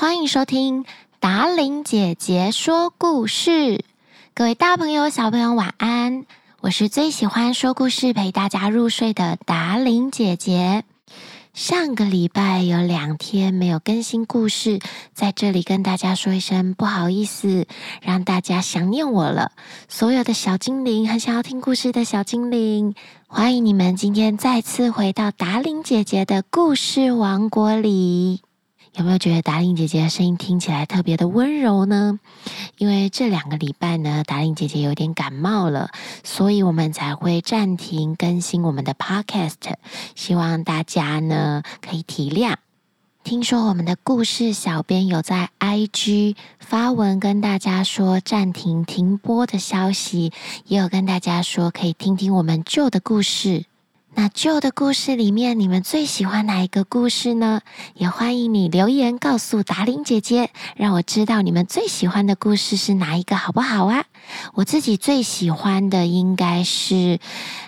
歡迎收聽達伶姐姐說故事。各位大朋友、小朋友，晚安！我是最喜歡說故事、陪大家入睡的達伶姐姐。上個禮拜有兩天沒有更新故事，在這裡跟大家說一聲不好意思，讓大家想念我了。所有的小精靈，很想要聽故事的小精靈，歡迎你們今天再次回到達伶姐姐的故事王國裡。有沒有覺得達伶姐姐的聲音聽起來特別的溫柔呢？因為這兩個禮拜呢，達伶姐姐有點感冒了，所以我們才會暫停更新我們的 podcast。希望大家呢可以體諒。聽說我們的故事小編有在 IG 發文跟大家說暫停停播的消息，也有跟大家說可以聽聽我們舊的故事。那舊的故事裡面，你們最喜歡哪一個故事呢？也歡迎你留言告訴達伶姐姐，讓我知道你們最喜歡的故事是哪一個，好不好啊？我自己最喜歡的應該是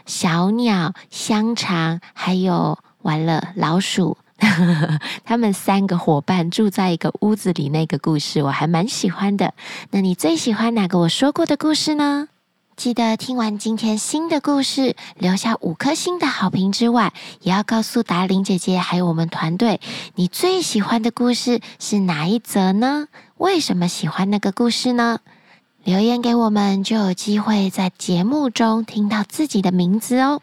小鳥、香腸，還有完了老鼠， 他們三個夥伴住在一個屋子裡那個故事，我還蠻喜歡的。那你最喜歡哪個我說過的故事呢？記得聽完今天新的故事，留下五顆星的好評之外，也要告訴達伶姐姐還有我們團隊，你最喜歡的故事是哪一則呢？為什麼喜歡那個故事呢？留言給我們就有機會在節目中聽到自己的名字哦。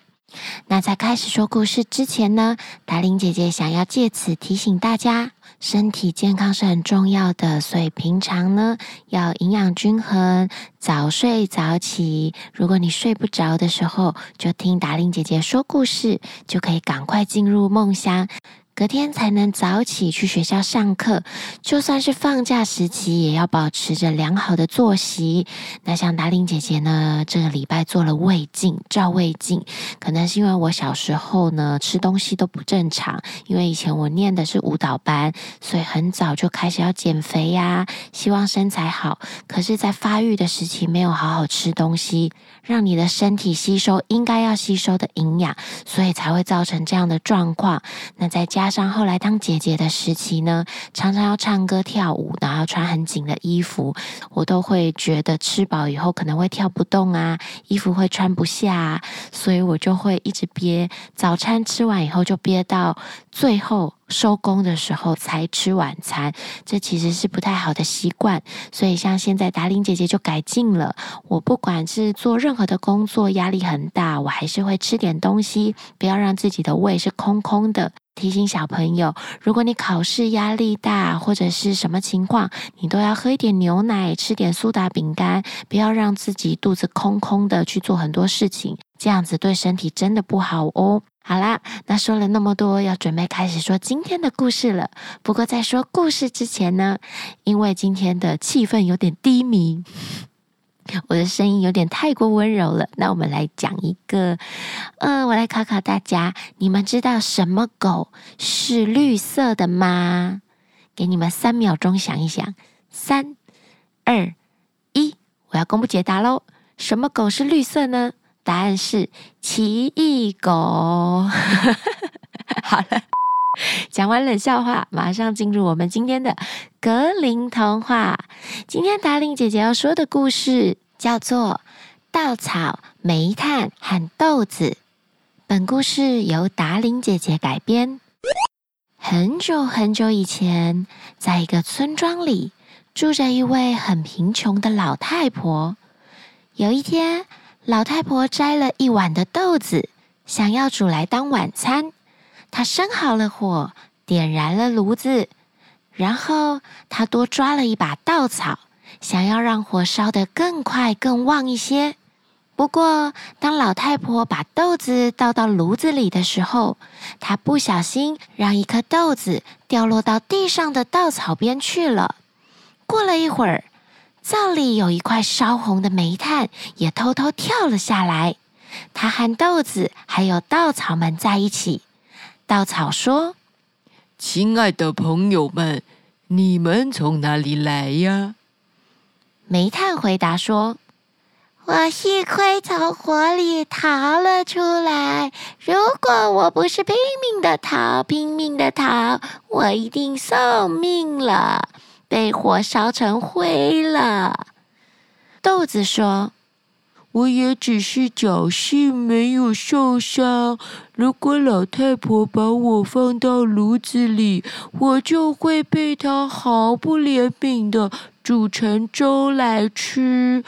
那在開始說故事之前呢，達伶姐姐想要借此提醒大家。身體健康是很重要的，所以平常呢，要營養均衡，早睡早起。如果你睡不着的時候，就聽達伶姐姐說故事，就可以趕快進入夢鄉。隔天才能早起去學校上課，就算是放假時期，也要保持着良好的作息。那像達伶姐姐呢？這個禮拜做了胃鏡，照胃鏡，可能是因為我小時候呢，吃東西都不正常。因為以前我念的是舞蹈班，所以很早就開始要減肥呀，希望身材好。可是，在發育的時期沒有好好吃東西，讓你的身體吸收應該要吸收的營養，所以才會造成這樣的狀況。那在家。加上後來當姐姐的時期呢，常常要唱歌跳舞，然後穿很緊的衣服，我都會覺得吃飽以後可能會跳不動啊，衣服會穿不下啊，所以我就會一直憋，早餐吃完以後就憋到最後收工的時候才吃晚餐，這其實是不太好的習慣。所以像現在達伶姐姐就改進了，我不管是做任何的工作，壓力很大，我還是會吃點東西，不要讓自己的胃是空空的。提醒小朋友，如果你考試壓力大或者是什麼情況，你都要喝一點牛奶，吃點蘇打餅乾，不要讓自己肚子空空的去做很多事情，這樣子對身體真的不好哦。好啦，那說了那麼多，要準備開始說今天的故事了。不過在說故事之前呢，因為今天的氣氛有點低迷。我的聲音有點太過溫柔了，那我們來講一個，嗯、呃，我來考考大家，你們知道什麼狗是綠色的嗎？給你們三秒鐘想一想，三、二、一，我要公布解答嘍。什麼狗是綠色呢？答案是奇異狗。 好了。講完冷笑話，馬上進入我們今天的格林童話。今天達伶姐姐要說的故事叫做《稻草、煤炭和豆子》。本故事由達伶姐姐改編。很久很久以前，在一個村莊裡，住着一位很貧窮的老太婆。有一天，老太婆摘了一碗的豆子，想要煮來當晚餐。他生好了火，點燃了爐子，然後他多抓了一把稻草，想要讓火燒得更快、更旺一些。不過，當老太婆把豆子倒到爐子裡的時候，她不小心讓一顆豆子掉落到地上的稻草邊去了。過了一會兒，灶裡有一塊燒紅的煤炭也偷偷跳了下來，他和豆子還有稻草們在一起。稻草說：“親愛的朋友們，你們從哪裡來呀？”煤炭回答說：“我幸虧從火裡逃了出來。如果我不是拼命的逃，拼命的逃，我一定送命了，被火燒成灰了。”豆子說。我也只是僥幸沒有受傷。如果老太婆把我放到爐子裡，我就會被她毫不憐憫地煮成粥來吃，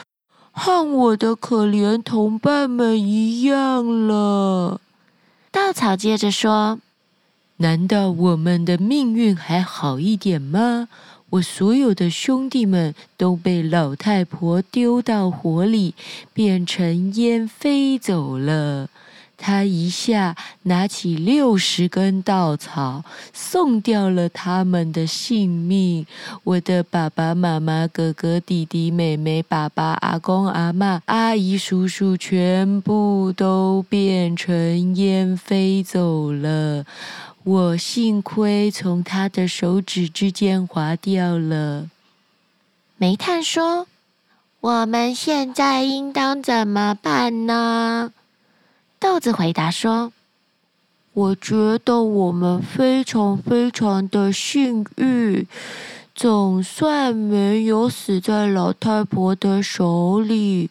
和我的可憐同伴們一樣了。稻草接着說：“難道我們的命運還好一點嗎？”我所有的兄弟們都被老太婆丟到火裡，變成煙飛走了。他一下拿起六十根稻草，送掉了他們的性命。我的爸爸媽媽、哥哥弟弟、妹妹、爸爸、阿公阿嬤、阿姨叔叔，全部都變成煙飛走了。我幸虧從他的手指之間滑掉了。煤炭說：“我們現在應當怎麼辦呢？”豆子回答說：“我覺得我們非常非常的幸運，總算沒有死在老太婆的手裡。”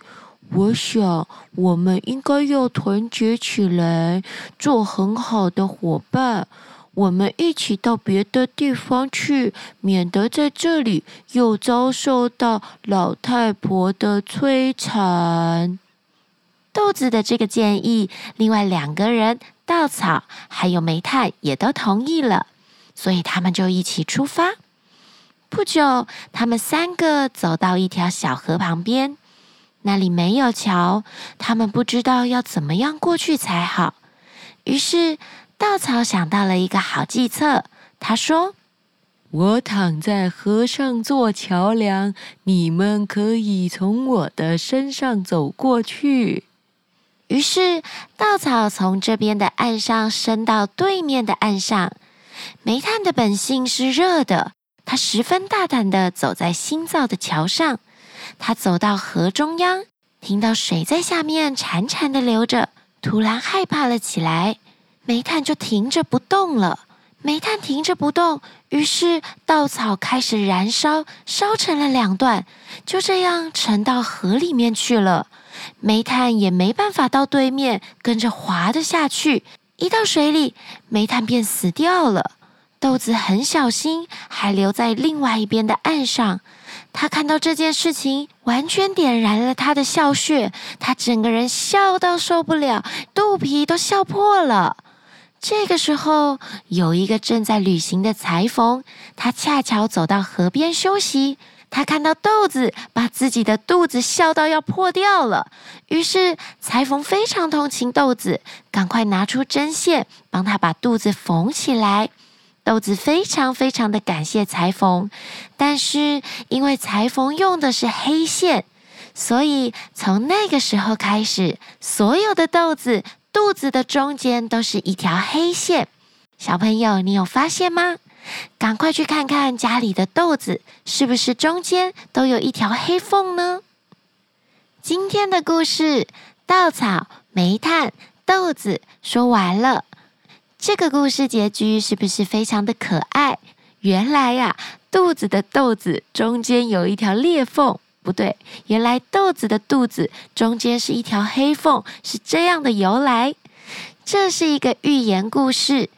我想，我們應該要團結起來，做很好的夥伴。我們一起到別的地方去，免得在這裡又遭受到老太婆的摧殘。豆子的這個建議，另外兩個人稻草還有煤炭也都同意了，所以他們就一起出發。不久，他們三個走到一條小河旁邊。那裡沒有橋，他們不知道要怎麼樣過去才好。於是，稻草想到了一個好計策。他說：“我躺在河上做橋樑，你們可以從我的身上走過去。”於是，稻草從這邊的岸上伸到對面的岸上。煤炭的本性是熱的，他十分大膽地走在新造的橋上。他走到河中央，聽到水在下面潺潺地流着，突然害怕了起來。煤炭就停着不動了。煤炭停着不動，於是稻草開始燃燒，燒成了兩段，就這樣沉到河裡面去了。煤炭也沒辦法到對面，跟着滑了下去。一到水裡，煤炭便死掉了。豆子很小心，還留在另外一邊的岸上。他看到這件事情，完全點燃了他的笑穴，他整個人笑到受不了，肚皮都笑破了。這個時候，有一個正在旅行的裁縫，他恰巧走到河邊休息，他看到豆子把自己的肚子笑到要破掉了，於是裁縫非常同情豆子，趕快拿出針線幫他把肚子縫起來。豆子非常非常的感謝裁縫，但是因為裁縫用的是黑線，所以從那個時候開始，所有的豆子肚子的中間都是一條黑線。小朋友，你有發現嗎？趕快去看看家裡的豆子是不是中間都有一條黑縫呢？今天的故事，稻草、煤炭、豆子說完了。這個故事結局是不是非常的可愛？原來呀、啊，肚子的肚子中間有一條裂縫，不對，原來豆子的肚子中間是一條黑縫，是這樣的由來。這是一個寓言故事。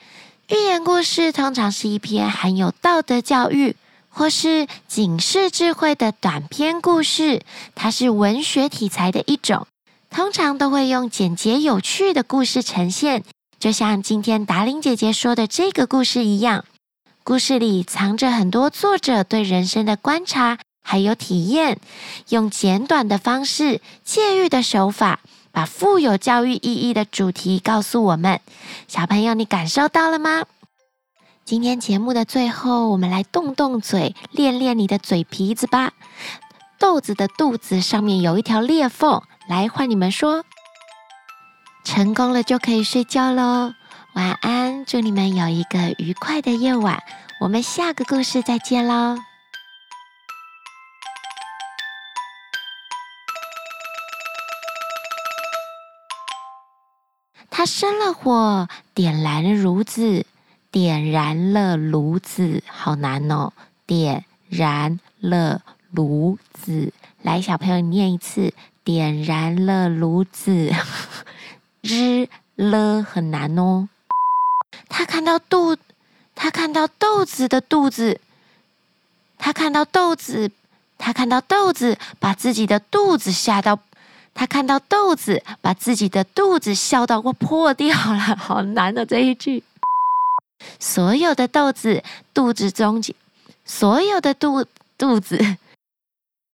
寓言故事通常是一篇含有道德教育或是警示智慧的短篇故事，它是文學體裁的一種，通常都會用簡潔有趣的故事呈現。就像今天達伶姐姐說的這個故事一樣，故事裡藏着很多作者對人生的觀察還有體驗，用簡短的方式、借喻的手法，把富有教育意義的主題告訴我們。小朋友，你感受到了嗎？今天節目的最後，我們來動動嘴，練練你的嘴皮子吧。豆子的肚子上面有一條裂縫，來換你們說。成功了就可以睡覺嘍，晚安！祝你們有一個愉快的夜晚。我們下個故事再見嘍。他生了火，點燃了爐子，點燃了爐子，好難哦！點燃了爐子，來，小朋友，你念一次，點燃了爐子。日了很難哦。他看到肚，他看到豆子的肚子，他看到豆子，他看到豆子，豆子把自己的肚子嚇到，他看到豆子把自己的肚子笑到破掉了，好難的哦，這一句。所有的豆子肚子中間，所有的肚肚子。